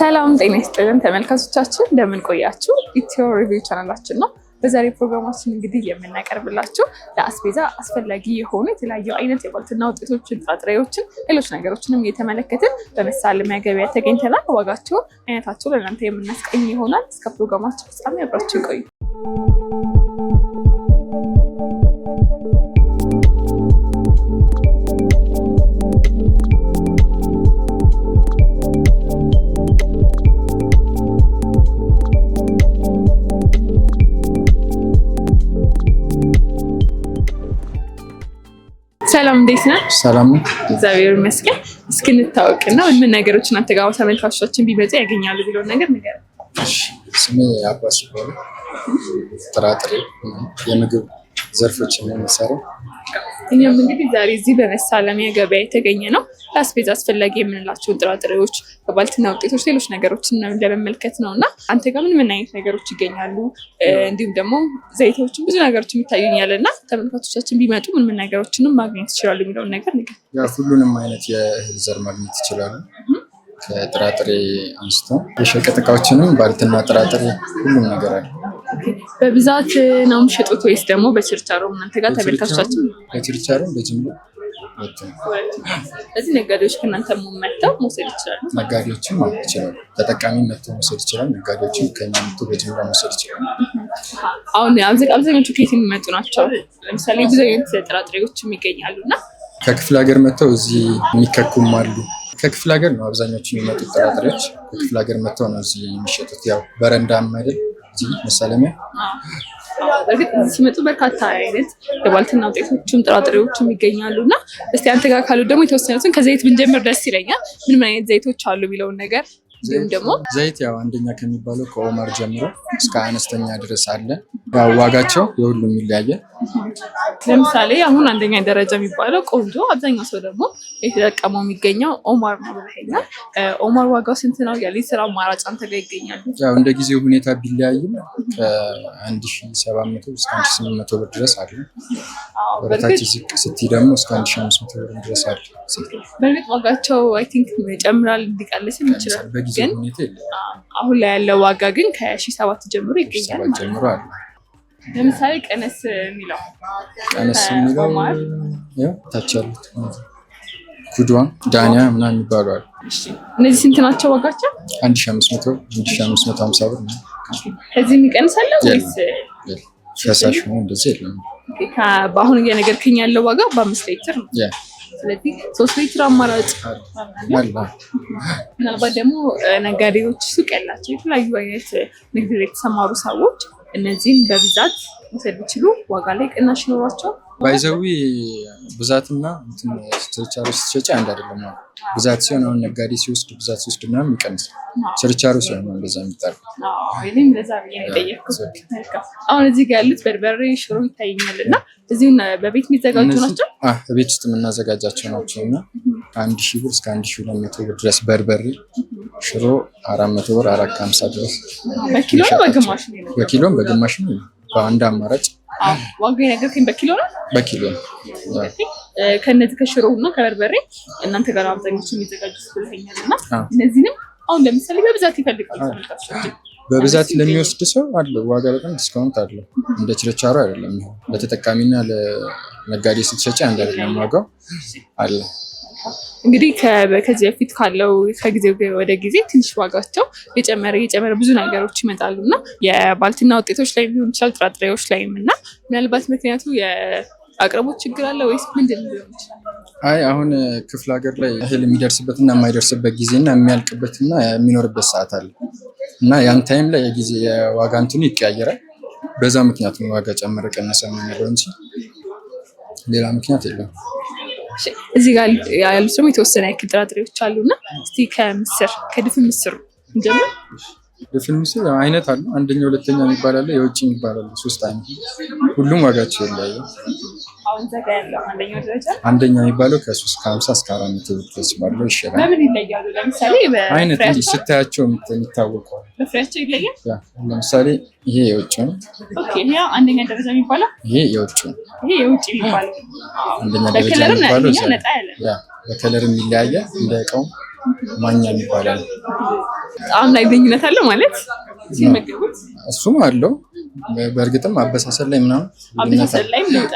ሰላም ጤና ይስጥልን ተመልካቾቻችን፣ እንደምን ቆያችሁ? ኢትዮ ሪቪው ቻናላችን ነው። በዛሬ ፕሮግራማችን እንግዲህ የምናቀርብላችሁ ለአስቤዛ አስፈላጊ የሆኑ የተለያዩ አይነት የባልትና ውጤቶችን፣ ጥራጥሬዎችን፣ ሌሎች ነገሮችንም እየተመለከትን በመሳለሚያ ገበያ ተገኝተናል። ዋጋቸውን፣ አይነታቸውን ለእናንተ የምናስቀኝ ይሆናል። እስከ ፕሮግራማችን ፍጻሜ አብራችሁ ቆዩ። ሰላም እንዴት ነህ? ሰላም ነው እግዚአብሔር ይመስገን። እስኪ እንታወቅና ምን ነገሮች እናንተ ጋር ተመልካቾችን ቢመጡ ያገኛሉ ብለውን ነገር ንገረን። ስሜ አባስ ይባላል። ጥራጥሬ የምግብ ዘርፎች የምንሰራው እኛም እንግዲህ ዛሬ እዚህ በመሳለሚያ ገበያ የተገኘ ነው። ለአስቤዛ አስፈላጊ የምንላቸውን ጥራጥሬዎች፣ በባልትና ውጤቶች፣ ሌሎች ነገሮችን ለመመልከት ነው እና አንተ ጋር ምን ምን አይነት ነገሮች ይገኛሉ? እንዲሁም ደግሞ ዘይቶችን፣ ብዙ ነገሮች የሚታዩኛል እና ተመልካቶቻችን ቢመጡ ምን ምን ነገሮችንም ማግኘት ይችላሉ የሚለውን ነገር ንገር። ሁሉንም አይነት የእህል ዘር ማግኘት ይችላሉ ከጥራጥሬ አንስቶ የሸቀጥ እቃዎችንም ባልትና ጥራጥሬ ሁሉም ነገር አለ። በብዛት ነው የምሸጡት ወይስ ደግሞ በችርቻሮ እናንተ ጋር በችርቻሮ በጅምላ ስለዚህ ነጋዴዎች ከእናንተ መጥተው መውሰድ ይችላሉ። ነጋዴዎችም ማለት ይችላሉ። ተጠቃሚ መጥቶ መውሰድ ይችላል። ነጋዴዎችም ከኛ መጥቶ መውሰድ ይችላል። አሁን አብዛኞቹ ከየት የሚመጡ ናቸው? ለምሳሌ ብዙ አይነት ጥራጥሬዎችም ይገኛሉ እና ከክፍለ ሀገር መጥተው እዚህ የሚከኩም አሉ። ከክፍለ ሀገር ነው አብዛኞቹ የሚመጡት ጥራጥሬዎች ከክፍለ ሀገር መጥተው ነው እዚህ የሚሸጡት። ያው በረንዳ አይደል እዚህ መሳለሚያ በእርግጥ እዚህ ሲመጡ በርካታ አይነት የባልትና ውጤቶችም ጥራጥሬዎችም ይገኛሉ እና እስቲ አንተ ጋር ካሉ ደግሞ የተወሰኑትን ከዘይት ብንጀምር ደስ ይለኛል። ምንም አይነት ዘይቶች አሉ የሚለውን ነገር እንዲሁም ደግሞ ዘይት ያው አንደኛ ከሚባለው ከኦማር ጀምሮ እስከ አነስተኛ ድረስ አለ። ዋጋቸው የሁሉም ይለያየ። ለምሳሌ አሁን አንደኛ ደረጃ የሚባለው ቆንጆ፣ አብዛኛው ሰው ደግሞ የተጠቀመው የሚገኘው ኦማር ነው ብለኸኛል። ኦማር ዋጋው ስንት ነው? ያለ ስራ አማራጭ አንተ ጋር ይገኛል? ያው እንደ ጊዜው ሁኔታ ቢለያይም ከአንድ ሺ ሰባት መቶ እስከ አንድ ሺ ስምንት መቶ ብር ድረስ አለ። በታች ዝቅ ስትይ ደግሞ እስከ አንድ ሺ አምስት መቶ ብር ድረስ አለ። በእርግጥ ዋጋቸው አይ ቲንክ ይጨምራል፣ እንዲቀንስም ይችላል ግን አሁን ላይ ያለው ዋጋ ግን ከሺህ ሰባት ጀምሮ ይገኛል ማለት ነው። ለምሳሌ ቀነስ የሚለው ቀነስ የሚለው ታች ያሉት ጉድዋን ዳንያ ምናምን የሚባሉ አሉ። እነዚህ ስንት ናቸው ዋጋቸው? አንድ ሺህ አምስት መቶ አንድ ሺህ አምስት መቶ ሀምሳ ብር ከዚህ የሚቀንሳለ ወይስ ፈሳሽ ሆኖ እንደዚህ የለም። በአሁኑ ነገር ከኛ ያለው ዋጋ በአምስት ሊትር ነው ስለዚህ ሶስት የስራ አማራጭ ምናልባት ደግሞ ነጋዴዎች፣ ሱቅ ያላቸው የተለያዩ አይነት ንግድ ላይ የተሰማሩ ሰዎች እነዚህም በብዛት መውሰድ ይችሉ ዋጋ ላይ ቅናሽ ይኖሯቸው። ባይዘዊ ብዛትና ስትቸጫ አንድ አይደለም ነው ብዛት ሲሆን አሁን ነጋዴ ሲወስድ ብዛት ሲወስድ ምናምን ይቀንሳል። ስርቻሩ ሲሆን እንደዛ የሚጠር ይም ለዛ ብዬ የጠየቅኩት። አሁን እዚህ ጋ ያሉት በርበሬ፣ ሽሮ ይታየኛል እና እዚሁ በቤት የሚዘጋጁ ናቸው። ቤት ውስጥ የምናዘጋጃቸው ናቸው እና አንድ ሺህ ብር እስከ አንድ ሺህ ሁለት መቶ ብር ድረስ በርበሬ፣ ሽሮ አራት መቶ ብር አራት ከሀምሳ ድረስ በኪሎም በግማሽ ነው። በአንድ አማራጭ ዋጋ የነገርከኝ በኪሎ ነው በኪሎ ነው። ከሽሮ ከሽሮና ከበርበሬ እናንተ ጋር አብዛኞች የሚዘጋጁ ስለሆኛል እና እነዚህንም አሁን ለምሳሌ በብዛት ይፈልጋሉ። በብዛት ለሚወስድ ሰው አለ ዋጋ በጣም ዲስካውንት አለ። እንደ ችርቻሮ አይደለም። ለተጠቃሚና ለነጋዴ ስትሸጪ አንድ አይደለም ዋጋው አለ። እንግዲህ ከዚህ በፊት ካለው ከጊዜ ወደ ጊዜ ትንሽ ዋጋቸው የጨመረ የጨመረ ብዙ ነገሮች ይመጣሉ እና የባልትና ውጤቶች ላይ ሊሆን ይችላል ጥራጥሬዎች ላይም እና ምናልባት ምክንያቱ አቅርቦት ችግር አለ ወይስ ምንድን ሊሆን ይችላል? አይ አሁን ክፍለ ሀገር ላይ እህል የሚደርስበት እና የማይደርስበት ጊዜ እና የሚያልቅበት እና የሚኖርበት ሰዓት አለ እና ያን ታይም ላይ የጊዜ የዋጋ እንትኑ ይቀያየራል። በዛ ምክንያት ነው ዋጋ ጨመረ ቀነሰ የምንለው እንጂ ሌላ ምክንያት የለም። እዚህ ጋር ያሉት ደግሞ የተወሰነ ያክል ጥራጥሬዎች አሉ አሉና እስቲ ከምስር ከድፍን ምስሩ እንጀምር። ድፍን ምስር አይነት አሉ። አንደኛ ሁለተኛ የሚባል አለ፣ የውጭ የሚባል አለ። ሶስት አይነት ሁሉም ዋጋቸው ይለያያል። አሁን አንደኛው አንደኛ የሚባለው ከሶስት ከሀምሳ እስከ አራት መቶ ብር ድረስ ባለው ይሸራል። በምን ይለያሉ? ለምሳሌ አይነት እንጂ ስታያቸው የሚታወቀው ለምሳሌ ይሄ የውጭ ነው። ይሄ አንደኛ ደረጃ የሚባለው ይሄ የውጭ ነው። ይሄ አንደኛ ደረጃ ነጣ ያለ እንደ እቃው ማኛ የሚባለው ጣዕም ላይ ግንኙነት አለው ማለት ሲመገቡት እሱም አለው በእርግጥም አበሳሰል ላይ ምናምን አበሳሰል ላይ ለውጥ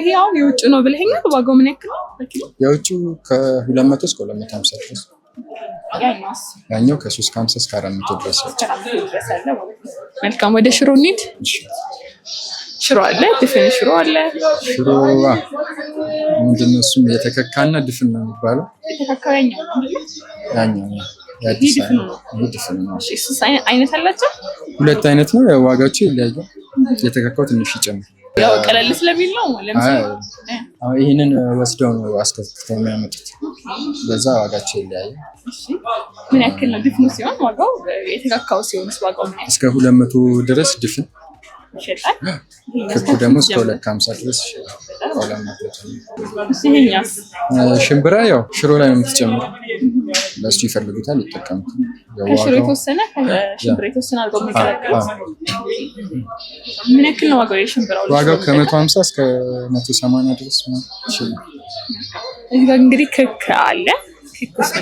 ይሄ አሁን የውጭ ነው ብለኸኝ ዋጋው ምን ያክል ነው? የውጭው ከሁለት መቶ እስከ ሁለት መቶ ሀምሳ ድረስ ያኛው ከሶስት ከሀምሳ እስከ አራት መቶ ድረስ። መልካም ወደ ሽሮ እንሂድ። ሽሮ አለ፣ ድፍን ሽሮ አለ። ሽሮ ምንድን ነው? እሱም የተከካና ድፍን ነው የሚባለው። የተከካ ያኛው ያኛው አይነት አላቸው። ሁለት አይነት ነው። ዋጋቸው ይለያያል። የተካካው ትንሽ ይጨምራል። ያው ቀለል ስለሚል ነው። ይህንን ወስደው ነው አስከፍተው የሚያመጡት። በዛ ዋጋቸው ይለያያል። ምን ያክል ነው ድፍኑ ሲሆን ዋጋው? የተካካው ዋጋው እስከ ሁለት መቶ ድረስ ድፍን ክኩ ደግሞ እስከ ሁለት ድረስ ይሸጣል። ሽምብራ ያው ሽሮ ላይ ነው የምትጨምረው ለእሱ ይፈልጉታል፣ ይጠቀሙታል። ከሽሮ የተወሰነ ከሽምብራ የተወሰነ አድርገው የሚቀላቀሉት። ምን ያክል ነው ዋጋው? የሽምብራው ዋጋው ከመቶ ሀምሳ እስከ መቶ ሰማንያ ድረስ ነው። እንግዲህ ክክ አለ። ክክ ውስጥ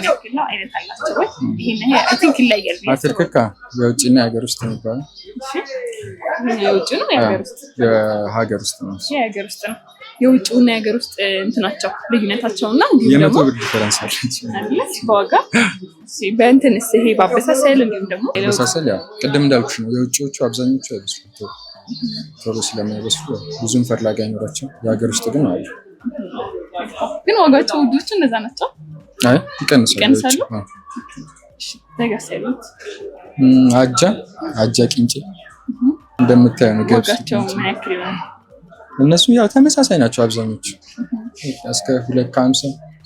አይነት አላቸው አይ ቲንክ የውጭና የሀገር ውስጥ የሚባለው የውጭ ነው። ውስጥ ነው። የሀገር ውስጥ ነው። የውጭውና የሀገር ውስጥ እንትናቸው ልዩነታቸው እና እንዲሁም ደግሞ በዋጋ በእንትን ይሄ በአበሳሰል እንዲሁም ደግሞ አበሳሰል ያው ቅድም እንዳልኩሽ ነው። የውጭዎቹ አብዛኞቹ አይበስሉ ቶሎ ስለማይበስሉ ብዙም ፈላጊ አይኖራቸው። የሀገር ውስጥ ግን አሉ። ግን ዋጋቸው ውዶቹ እነዛ ናቸው። አይ ይቀንሳሉ። አጃ አጃ ቂንጬ እንደምታየው ነው ገብስ እነሱ ያው ተመሳሳይ ናቸው አብዛኞቹ እስከ ሁለት ከሀምሳ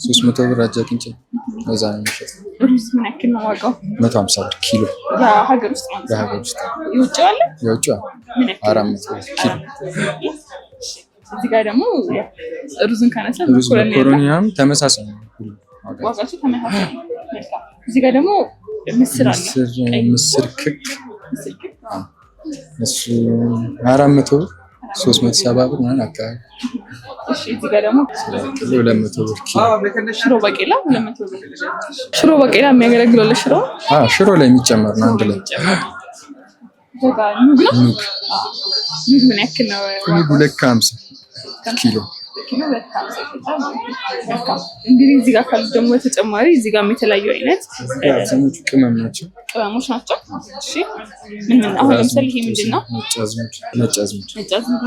ሶስት መቶ ብር አጃቅንጭ እዛ ነው የሚሸጥ። ሩዝ ምን ያክል ነው ዋጋው? መቶ ሀምሳ ብር ኪሎ በሀገር ውስጥ የውጭ አለ የውጭ አራት መቶ ኪሎ። እዚህ ጋር ደግሞ ሩዝን ካነሳ ሩዝ መኮሮኒያም ተመሳሳይ ነው ዋጋቸው ተመሳሳይ። እዚህ ጋር ደግሞ ምስር አለ ምስር ክክ እሱ አራት መቶ ብር ሶስት መቶ ሰባ ብር ምናምን አካባቢ። ሽሮ በቄላ ሁለት ሽሮ በቄላ የሚያገለግለው ለሽሮ ሽሮ ላይ የሚጨመር ነው። አንድ ላይ ምን ያክል ነው? ኑግ ሁለት ከሀምሳ ኪሎ እንግዲህ እዚህ ጋር ካሉት ደግሞ ተጨማሪ እዚህ ጋርም የተለያዩ አይነት አብዛኞቹ ቅመም ናቸው ቅመሞች ናቸው። እሺ ምን ምን አሁን ለምሳሌ ይሄ ምንድን ነው? ነጭ አዝሙድ ነጭ አዝሙድ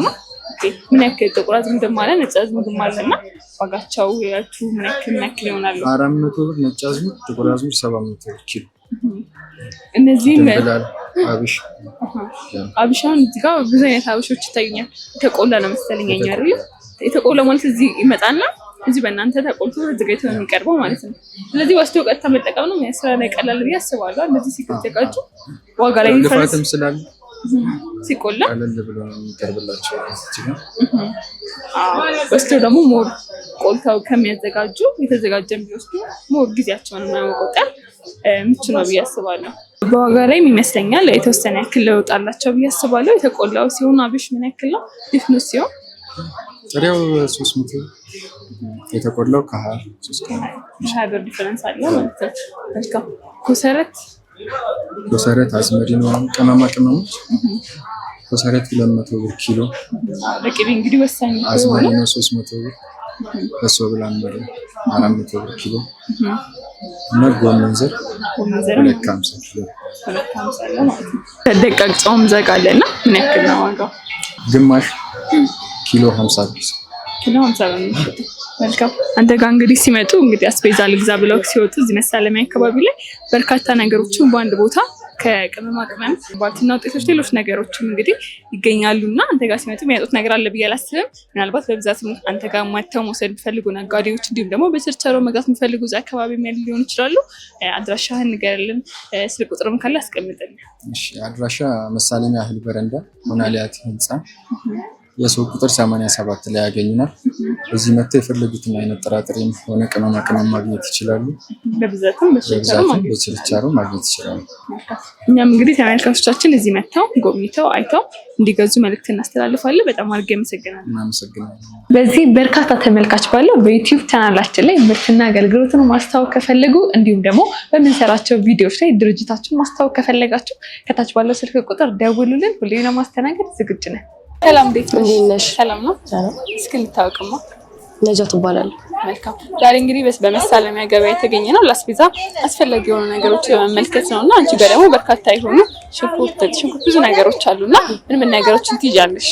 ነው። ምን ያክል ጥቁር አዝሙድም አለ ነጭ አዝሙድም አለ እና ዋጋቸው የቱ ምን ያክል ምን ያክል ይሆናሉ? አራት መቶ ብር ነጭ አዝሙድ፣ ጥቁር አዝሙድ ሰባት መቶ ኪሎ። እነዚህም አብሽ አብሽ አሁን እዚህ ጋር ብዙ አይነት አብሾች ይታዩኛል። የተቆላ ነው መሰለኝ ያኛል የተቆለ ማለት እዚህ ይመጣና እዚህ በእናንተ ተቆልቶ ተዘጋጅቶ ነው የሚቀርበው ማለት ነው። ስለዚህ ወስዶ ቀጥታ መጠቀም ነው ስራ ላይ ቀላል ብዬ አስባለሁ። እንደዚህ ሲዘጋጁ ዋጋ ላይ ፈረስም ስላለ ሲቆላ ቀለል ብሎ ነው የሚቀርብላቸው። ወስዶ ደግሞ ሞር ቆልተው ከሚያዘጋጁ የተዘጋጀን ቢወስዱ ሞር ጊዜያቸውን መቆጠብ ምቹ ነው ብዬ አስባለሁ። በዋጋ ላይም ይመስለኛል የተወሰነ ያክል ለውጥ አላቸው ብዬ አስባለሁ። የተቆላው ሲሆን አብሽ ምን ያክል ነው? ድፍኑ ሲሆን ጥሬው ሶስት መቶ የተቆላው ከሀያ ብር ዲፈረንስ አለ ማለት ነው። መልካም ኮሰረት ኮሰረት አዝመሪ ነው። ቅመማ ቅመሞች ኮሰረት ሁለት መቶ ብር ኪሎ በቅቤ እንግዲህ ወሳኝ አዝመሪ ነው። ሶስት መቶ ብር በሶ ብላ መሪ አራት መቶ ብር ኪሎ እና ጎመን ዘር ሁለት ከሀምሳ ኪሎ ሁለት ከሀምሳ አለ እና ምን ያክል ነው ዋጋው? ግማሽ ኪሎ 50 ብር ኪሎ 50 ብር መልካም አንተ ጋር እንግዲህ ሲመጡ እንግዲህ አስቤዛ ልግዛ ብለው ሲወጡ እዚህ መሳለሚያ አካባቢ ላይ በርካታ ነገሮችን በአንድ ቦታ ከቅመማ ቅመም ባልትና ውጤቶች፣ ሌሎች ነገሮችም እንግዲህ ይገኛሉ እና አንተ ጋር ሲመጡ የሚያጡት ነገር አለ ብዬ አላስብም። ምናልባት በብዛት አንተ ጋር ማተው መውሰድ የሚፈልጉ ነጋዴዎች፣ እንዲሁም ደግሞ በችርቻሮ መግዛት የሚፈልጉ እዛ አካባቢ የሚያሉ ሊሆኑ ይችላሉ። አድራሻህን ንገርልን፣ ስልክ ቁጥርም ካለ አስቀምጥልን። አድራሻ መሳለሚያ ያህል በረንዳ ሞናሊያት ህንፃ የሰው ቁጥር 87 ላይ ያገኙናል። እዚህ መጥተው የፈለጉትን አይነት ጥራጥሬም ሆነ ቅመማ ቅመም ማግኘት ይችላሉ። በብዛትም በችርቻሮ ማግኘት ይችላሉ። እኛም እንግዲህ ተመልካቾቻችን እዚህ መጥተው ጎብኝተው አይተው እንዲገዙ መልእክት እናስተላልፋለን። በጣም አድርጌ አመሰግናለሁ። እናመሰግናለን። በዚህ በርካታ ተመልካች ባለው በዩቲዩብ ቻናላችን ላይ ምርትና አገልግሎትን ማስታወቅ ከፈለጉ እንዲሁም ደግሞ በምንሰራቸው ቪዲዮዎች ላይ ድርጅታችን ማስታወቅ ከፈለጋችሁ ከታች ባለው ስልክ ቁጥር ደውሉልን። ሁሌ ለማስተናገድ ዝግጁ ነን። ሰላም እንዴት ነሽ? ሰላም ነው። እስኪ ልታወቅማ ነጃት ትባላለህ። መልካም ዛሬ እንግዲህ በመሳለሚያ ገበያ የተገኘ ነው። ለአስቤዛ አስፈላጊ የሆኑ ነገሮች ለመመልከት ነው እና አንቺ ጋር ደግሞ በርካታ የሆኑ ሽንኩርት ሽንኩርት ብዙ ነገሮች አሉ እና ምን ምን ነገሮችን ትይዣለሽ?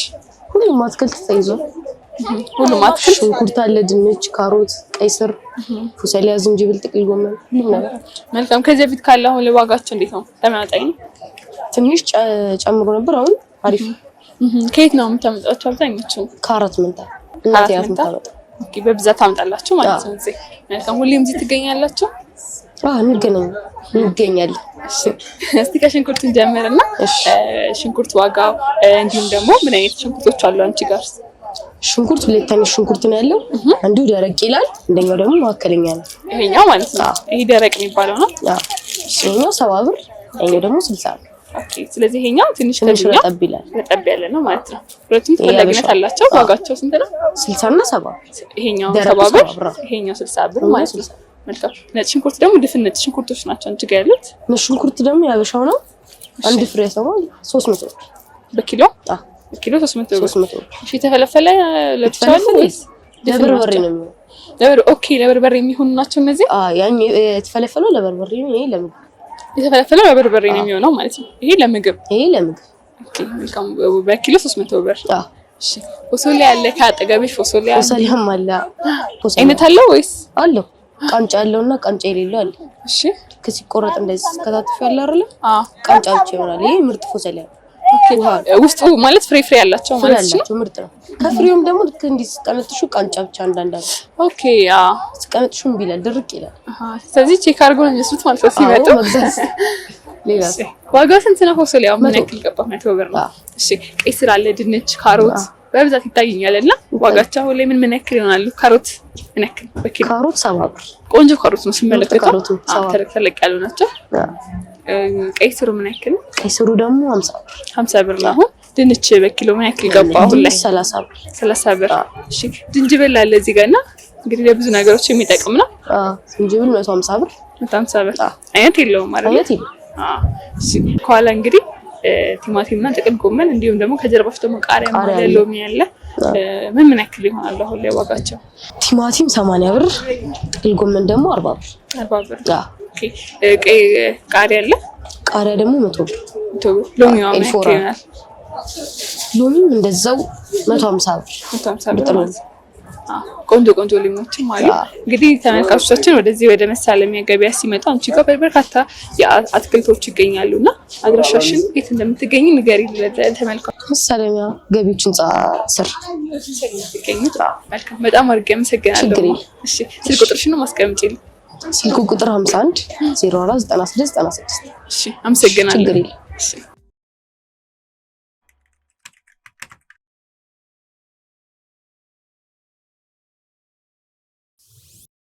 ሁሉም አትክልት ተይዟል። ሁሉም አትክልት ሽንኩርት አለ፣ ድንች፣ ካሮት፣ ቀይ ስር፣ ፉሰሊያ፣ ዝንጅብል፣ ጥቅል ጎመን ሁሉም ነገር። መልካም ከዚህ በፊት ካለ አሁን ለዋጋቸው እንዴት ነው? ተመጣጣኝ ትንሽ ጨምሮ ነበር አሁን አሪፍ ነው። ከየት ነው የምታመጣቸው? አብዛኞቹ ካሮት ምንታ እናት ያት ምታመጣ በብዛት ታመጣላችሁ ማለት ነው። እዚህ መልካም። ሁሌም እዚህ ትገኛላችሁ? እንገናኝ እንገኛለን። እስቲ ከሽንኩርት እንጀምርና ሽንኩርት ዋጋ እንዲሁም ደግሞ ምን አይነት ሽንኩርቶች አሉ አንቺ ጋር? ሽንኩርት ሁለት አይነት ሽንኩርት ነው ያለው። አንዱ ደረቅ ይላል፣ አንደኛው ደግሞ መካከለኛ ነው። ይሄኛው ማለት ነው ይሄ ደረቅ የሚባለው ነው። እሱኛው ሰባ ብር፣ ይሄኛው ደግሞ ስልሳ ነው። ኦኬ። ስለዚህ ይሄኛው ትንሽ ከዚህኛው ጠብ ይላል፣ ጠብ ያለ ነው ማለት ነው። ሁለቱም ተፈላጊነት አላቸው። ዋጋቸው ስንት ነው? እና ይሄኛው ብር፣ ይሄኛው ብር ማለት ነው። መልካም። ነጭ ሽንኩርት ደግሞ ድፍን ነጭ ሽንኩርቶች ናቸው እንጂ ጋር ያሉት ነጭ ሽንኩርት ደግሞ ያበሻው ነው። አንድ ፍሬ ሰው ብር በኪሎ። በኪሎ ብር። እሺ፣ የተፈለፈለ ነው ኦኬ። የሚሆኑ ናቸው እነዚህ። ያ የተፈለፈለው ለበርበሬ ነው። ይሄ ለምግብ የተፈለፈለ በበርበሬ ነው የሚሆነው ማለት ነው። ይሄ ለምግብ ይሄ ለምግብ በኪሎ ሶስት መቶ ብር ፎሶሌ አለ። ከአጠገብሽ ፎሶሌ ፎሶሌም አለ። አይነት አለው ወይስ አለው? ቃንጫ ያለውና ቃንጫ የሌለው አለ። እሺ ከሲቆረጥ እንደዚህ ከታተፈ ያለ አይደለ? ቃንጫ ብቻ ይሆናል። ይሄ ምርጥ ፎሶሌ አለ። ውስጡ ማለት ፍሬ ፍሬ ያላቸው ማለት ምርጥ ነው። ከፍሬውም ደግሞ ልክ እንዲህ ስቀነጥሹ ቃንጫ ብቻ አንዳንድ ኦኬ ስቀነጥሹ እምቢ ይላል፣ ድርቅ ይላል። ስለዚህ ቼክ አድርጎ ነው የሚወስዱት ማለት ነው ሲመጡ። ዋጋው ስንት ነው? ፎሶ ምን ያክል ገባ? መቶ ብር ነው። እሺ ቀይ ስር አለ፣ ድንች፣ ካሮት በብዛት ይታየኛል እና ዋጋቸው አሁን ላይ ምን ምን ያክል ይሆናሉ? ካሮት ምን ያክል በኪሎ? ካሮት ሰባ ብር ቆንጆ ካሮት ነው ስመለከተው፣ ተለቅ ያሉ ናቸው። ቀይ ስሩ ምን ያክል ነው? ቀይ ስሩ ደግሞ ሀምሳ ብር ሀምሳ ብር ነው። አሁን ድንች በኪሎ ምን ያክል ገባ? አሁን ላይ ሰላሳ ብር ሰላሳ ብር። እሺ ዝንጅብል አለ እዚህ ጋር እና እንግዲህ ለብዙ ነገሮች የሚጠቅም ነው። ዝንጅብል መቶ ሀምሳ ብር መቶ ሀምሳ ብር። አይነት የለውም ማለት አይነት የለውም። ከኋላ እንግዲህ ቲማቲም እና ጥቅል ጎመን እንዲሁም ደግሞ ከጀርባ ደግሞ ቃሪያ ማለት ሎሚ ያለ ምን ምን ያክል ይሆናል አሁን ላይ ዋጋቸው? ቲማቲም ሰማንያ ብር ጥቅል ጎመን ደግሞ አርባ ብር አርባ ብር ቀይ ቃሪያ አለ። ቃሪያ ደግሞ መቶ ብር። ሎሚ ሎሚም እንደዛው መቶ ሀምሳ ብር። ቆንጆ ቆንጆ ሊሞችም አሉ። እንግዲህ ተመልካቾቻችን ወደዚህ ወደ መሳለሚያ ገበያ ሲመጣ አንቺ ጋር በርካታ የአትክልቶች ይገኛሉ እና አድራሻሽን የት እንደምትገኝ ንገሪ ለተመልካቾች። መሳለሚያ ገቢዎች ህንፃ ስር ስለምትገኙ በጣም አድርጌ አመሰግናለሁ። ስልክ ቁጥርሽን ማስቀምጪልኝ ስልኩ ቁጥር 51 04 96 96። አመሰግናለሁ።